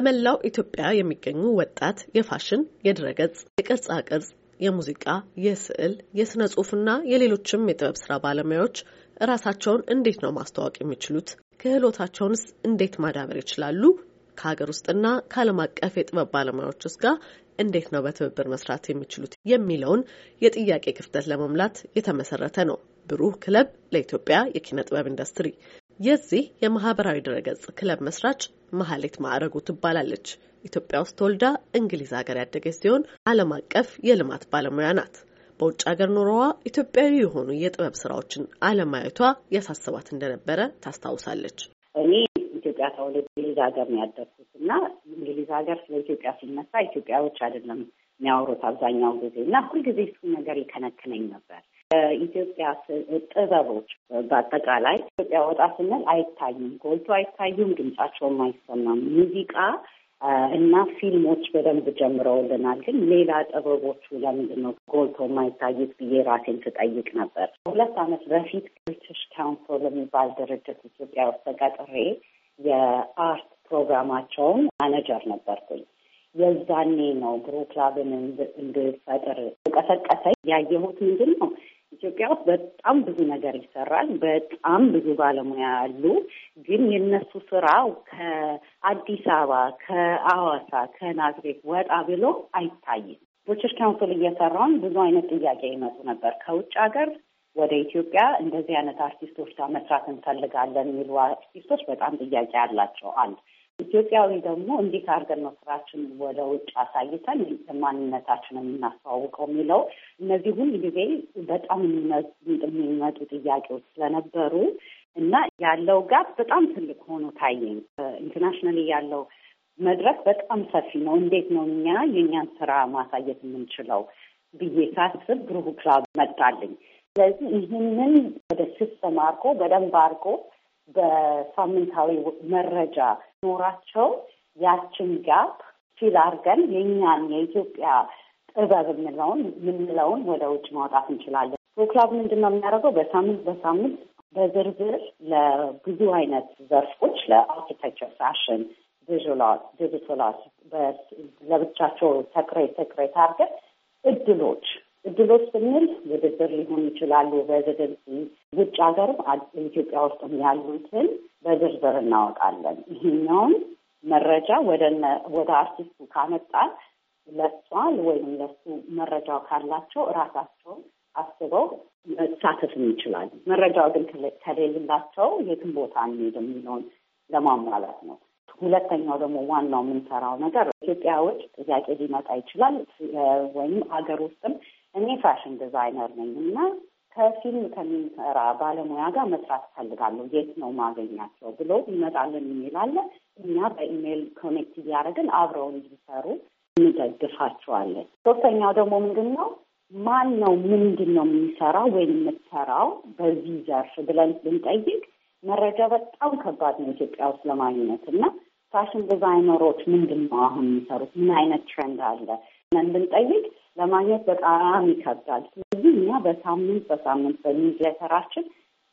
በመላው ኢትዮጵያ የሚገኙ ወጣት የፋሽን፣ የድረገጽ፣ የቅርጻ ቅርጽ፣ የሙዚቃ፣ የስዕል፣ የስነ ጽሁፍና የሌሎችም የጥበብ ስራ ባለሙያዎች እራሳቸውን እንዴት ነው ማስተዋወቅ የሚችሉት? ክህሎታቸውንስ እንዴት ማዳበር ይችላሉ? ከሀገር ውስጥና ከዓለም አቀፍ የጥበብ ባለሙያዎች ውስጥ ጋር እንዴት ነው በትብብር መስራት የሚችሉት የሚለውን የጥያቄ ክፍተት ለመሙላት የተመሰረተ ነው ብሩህ ክለብ ለኢትዮጵያ የኪነ ጥበብ ኢንዱስትሪ። የዚህ የማህበራዊ ድረገጽ ክለብ መስራች መሀሌት ማዕረጉ ትባላለች። ኢትዮጵያ ውስጥ ተወልዳ እንግሊዝ ሀገር ያደገች ሲሆን ዓለም አቀፍ የልማት ባለሙያ ናት። በውጭ ሀገር ኑሮዋ ኢትዮጵያዊ የሆኑ የጥበብ ስራዎችን አለማየቷ ያሳስባት እንደነበረ ታስታውሳለች። እኔ ኢትዮጵያ ተወልጄ እንግሊዝ ሀገር ነው ያደግኩት እና እንግሊዝ ሀገር ስለ ኢትዮጵያ ሲነሳ ኢትዮጵያዎች አይደለም የሚያወሩት አብዛኛው ጊዜ እና ሁልጊዜ እሱን ነገር ይከነክነኝ ነበር። የኢትዮጵያ ጥበቦች በአጠቃላይ ኢትዮጵያ ወጣ ስንል አይታዩም፣ ጎልቶ አይታዩም፣ ድምጻቸውም አይሰማም። ሙዚቃ እና ፊልሞች በደንብ ጀምረውልናል። ግን ሌላ ጥበቦቹ ለምንድን ነው ጎልቶ የማይታዩት ብዬ ራሴን ትጠይቅ ነበር። ሁለት ዓመት በፊት ብሪቲሽ ካውንስል የሚባል ድርጅት ኢትዮጵያ ውስጥ ተቀጥሬ የአርት ፕሮግራማቸውን ማነጀር ነበርኩኝ። የዛኔ ነው ግሩፕ ላብን እንድፈጥር ቀሰቀሰኝ። ያየሁት ምንድን ነው ኢትዮጵያ ውስጥ በጣም ብዙ ነገር ይሰራል። በጣም ብዙ ባለሙያ አሉ። ግን የነሱ ስራው ከአዲስ አበባ፣ ከአዋሳ፣ ከናዝሬት ወጣ ብሎ አይታይም። ቦቸር ካውንስል እየሰራውን ብዙ አይነት ጥያቄ ይመጡ ነበር ከውጭ ሀገር ወደ ኢትዮጵያ እንደዚህ አይነት አርቲስቶች ጋር መስራት እንፈልጋለን የሚሉ አርቲስቶች በጣም ጥያቄ አላቸው። አንድ ኢትዮጵያዊ ደግሞ እንዴት አድርገን ነው ስራችንን ወደ ውጭ አሳይተን ማንነታችን የምናስተዋውቀው የሚለው እነዚህ ሁል ጊዜ በጣም የሚመጡ ጥያቄዎች ስለነበሩ እና ያለው ጋር በጣም ትልቅ ሆኖ ታየኝ። ኢንተርናሽናል ያለው መድረክ በጣም ሰፊ ነው። እንዴት ነው እኛ የእኛን ስራ ማሳየት የምንችለው ብዬ ሳስብ ብሩህ ክላብ መጣልኝ። ስለዚህ ይህንን ወደ ሲስተም አድርጎ በደንብ አድርጎ በሳምንታዊ መረጃ ኖራቸው ያችን ጋፕ ፊል አድርገን የእኛን የኢትዮጵያ ጥበብ የምለውን የምንለውን ወደ ውጭ ማውጣት እንችላለን። ክለብ ምንድን ነው የሚያደርገው? በሳምንት በሳምንት በዝርዝር ለብዙ አይነት ዘርፎች ለአርኪቴክቸር፣ ፋሽን፣ ቪዥላት፣ ለብቻቸው ተክሬት ተክሬት አድርገን እድሎች እድሎች ስንል ውድድር ሊሆን ይችላሉ። ሬዚደንሲ ውጭ ሀገርም ኢትዮጵያ ውስጥም ያሉትን በዝርዝር እናወጣለን። ይህኛውን መረጃ ወደ አርቲስቱ ካመጣን ለሷል ወይም ለሱ መረጃው ካላቸው እራሳቸው አስበው መሳተፍ ይችላሉ። መረጃው ግን ከሌላቸው የትም ቦታ እንሄድ የሚለውን ለማሟላት ነው። ሁለተኛው ደግሞ ዋናው የምንሰራው ነገር ኢትዮጵያ ውጭ ጥያቄ ሊመጣ ይችላል ወይም አገር ውስጥም እኔ ፋሽን ዲዛይነር ነኝ እና ከፊልም ከሚሰራ ባለሙያ ጋር መስራት እፈልጋለሁ፣ የት ነው ማገኛቸው ብሎ ይመጣልን የሚል አለ። እኛ በኢሜይል ኮኔክት እያደረግን አብረው እንዲሰሩ እንደግፋቸዋለን። ሶስተኛው ደግሞ ምንድን ነው ማን ነው ምንድን ነው የሚሰራው ወይም የምትሰራው በዚህ ዘርፍ ብለን ብንጠይቅ መረጃ በጣም ከባድ ነው ኢትዮጵያ ውስጥ ለማግኘት እና ፋሽን ዲዛይነሮች ምንድን ነው አሁን የሚሰሩት ምን አይነት ትሬንድ አለ ብንጠይቅ ለማግኘት በጣም ይከብዳል። ስለዚህ እኛ በሳምንት በሳምንት በሚዲያ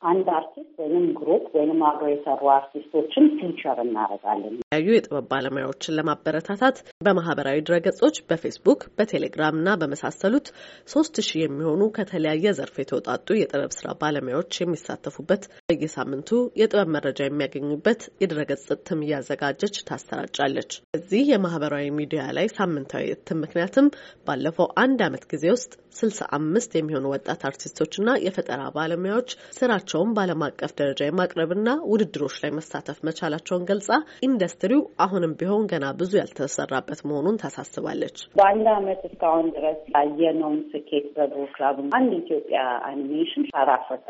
አንድ አርቲስት ወይም ግሩፕ ወይም አብሮ የሰሩ አርቲስቶችን ፊቸር እናደርጋለን። የተለያዩ የጥበብ ባለሙያዎችን ለማበረታታት በማህበራዊ ድረገጾች በፌስቡክ፣ በቴሌግራም እና በመሳሰሉት ሶስት ሺህ የሚሆኑ ከተለያየ ዘርፍ የተውጣጡ የጥበብ ስራ ባለሙያዎች የሚሳተፉበት በየሳምንቱ የጥበብ መረጃ የሚያገኙበት የድረገጽ እትም እያዘጋጀች ታሰራጫለች። እዚህ የማህበራዊ ሚዲያ ላይ ሳምንታዊ እትም ምክንያትም ባለፈው አንድ አመት ጊዜ ውስጥ ስልሳ አምስት የሚሆኑ ወጣት አርቲስቶችና የፈጠራ ባለሙያዎች ስራ ምርታቸውን በዓለም አቀፍ ደረጃ የማቅረብና ውድድሮች ላይ መሳተፍ መቻላቸውን ገልጻ ኢንዱስትሪው አሁንም ቢሆን ገና ብዙ ያልተሰራበት መሆኑን ታሳስባለች። በአንድ ዓመት እስካሁን ድረስ ያየነውን ስኬት በብሩ ክላብ አንድ ኢትዮጵያ አኒሜሽን ሻራፈተ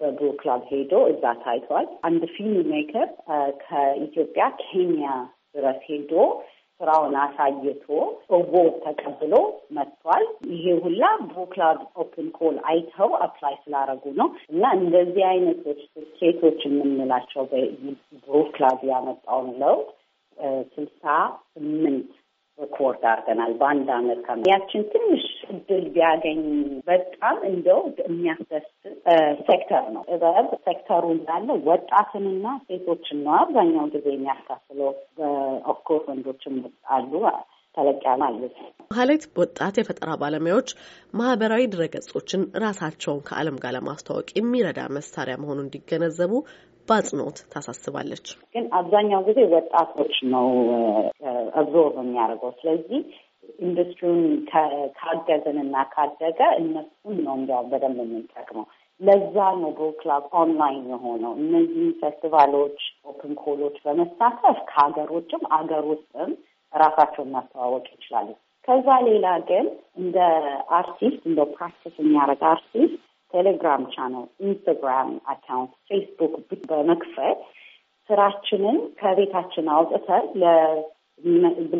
በብሩ ክላብ ሄዶ እዛ ታይቷል። አንድ ፊልም ሜከር ከኢትዮጵያ ኬንያ ድረስ ሄዶ ስራውን አሳይቶ እቦ ተቀብሎ መጥቷል። ይሄ ሁላ ቡክላብ ኦፕን ኮል አይተው አፕላይ ስላደረጉ ነው። እና እንደዚህ አይነቶች ሴቶች የምንላቸው ቡክላብ ያመጣውን ለውጥ ስልሳ ስምንት ሪኮርድ አድርገናል በአንድ አመት ከ ያችን ትንሽ እድል ቢያገኝ በጣም እንደው የሚያስደስት ሴክተር ነው። እበብ ሴክተሩ እንዳለ ወጣትንና ሴቶችን ነው አብዛኛው ጊዜ የሚያካፍለው። ኦፍኮርስ ወንዶችም አሉ ተለቅ ማለት ነው። ሀሌት ወጣት የፈጠራ ባለሙያዎች ማህበራዊ ድረገጾችን ራሳቸውን ከዓለም ጋር ለማስተዋወቅ የሚረዳ መሳሪያ መሆኑን እንዲገነዘቡ በአጽንኦት ታሳስባለች። ግን አብዛኛው ጊዜ ወጣቶች ነው አብዞርብ የሚያደርገው። ስለዚህ ኢንዱስትሪውን ካገዝን እና ካደገ እነሱን ነው እንዲያውም በደንብ የምንጠቅመው። ለዛ ነው ቦ ክላብ ኦንላይን የሆነው። እነዚህ ፌስቲቫሎች፣ ኦፕን ኮሎች በመሳተፍ ከሀገር ውጭም አገር ውስጥም ራሳቸውን ማስተዋወቅ ይችላሉ። ከዛ ሌላ ግን እንደ አርቲስት እንደ ፕራክቲስ የሚያደርግ አርቲስት ቴሌግራም ቻናል፣ ኢንስታግራም አካውንት፣ ፌስቡክ በመክፈት ስራችንን ከቤታችን አውጥተን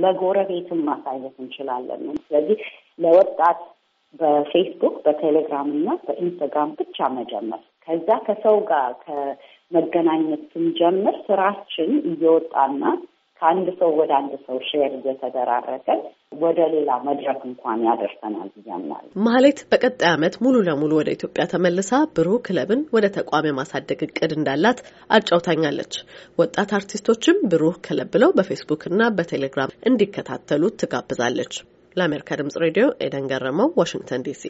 ለጎረቤትን ማሳየት እንችላለን። ስለዚህ ለወጣት በፌስቡክ በቴሌግራም እና በኢንስታግራም ብቻ መጀመር ከዛ ከሰው ጋር ከመገናኘት ስንጀምር ስራችን እየወጣና ከአንድ ሰው ወደ አንድ ሰው ሼር እየተደራረገ ወደ ሌላ መድረክ እንኳን ያደርሰናል ብያምናል። ማህሌት በቀጣይ ዓመት ሙሉ ለሙሉ ወደ ኢትዮጵያ ተመልሳ ብሩህ ክለብን ወደ ተቋም የማሳደግ እቅድ እንዳላት አጫውታኛለች። ወጣት አርቲስቶችም ብሩህ ክለብ ብለው በፌስቡክ እና በቴሌግራም እንዲከታተሉ ትጋብዛለች። ለአሜሪካ ድምጽ ሬዲዮ ኤደን ገረመው፣ ዋሽንግተን ዲሲ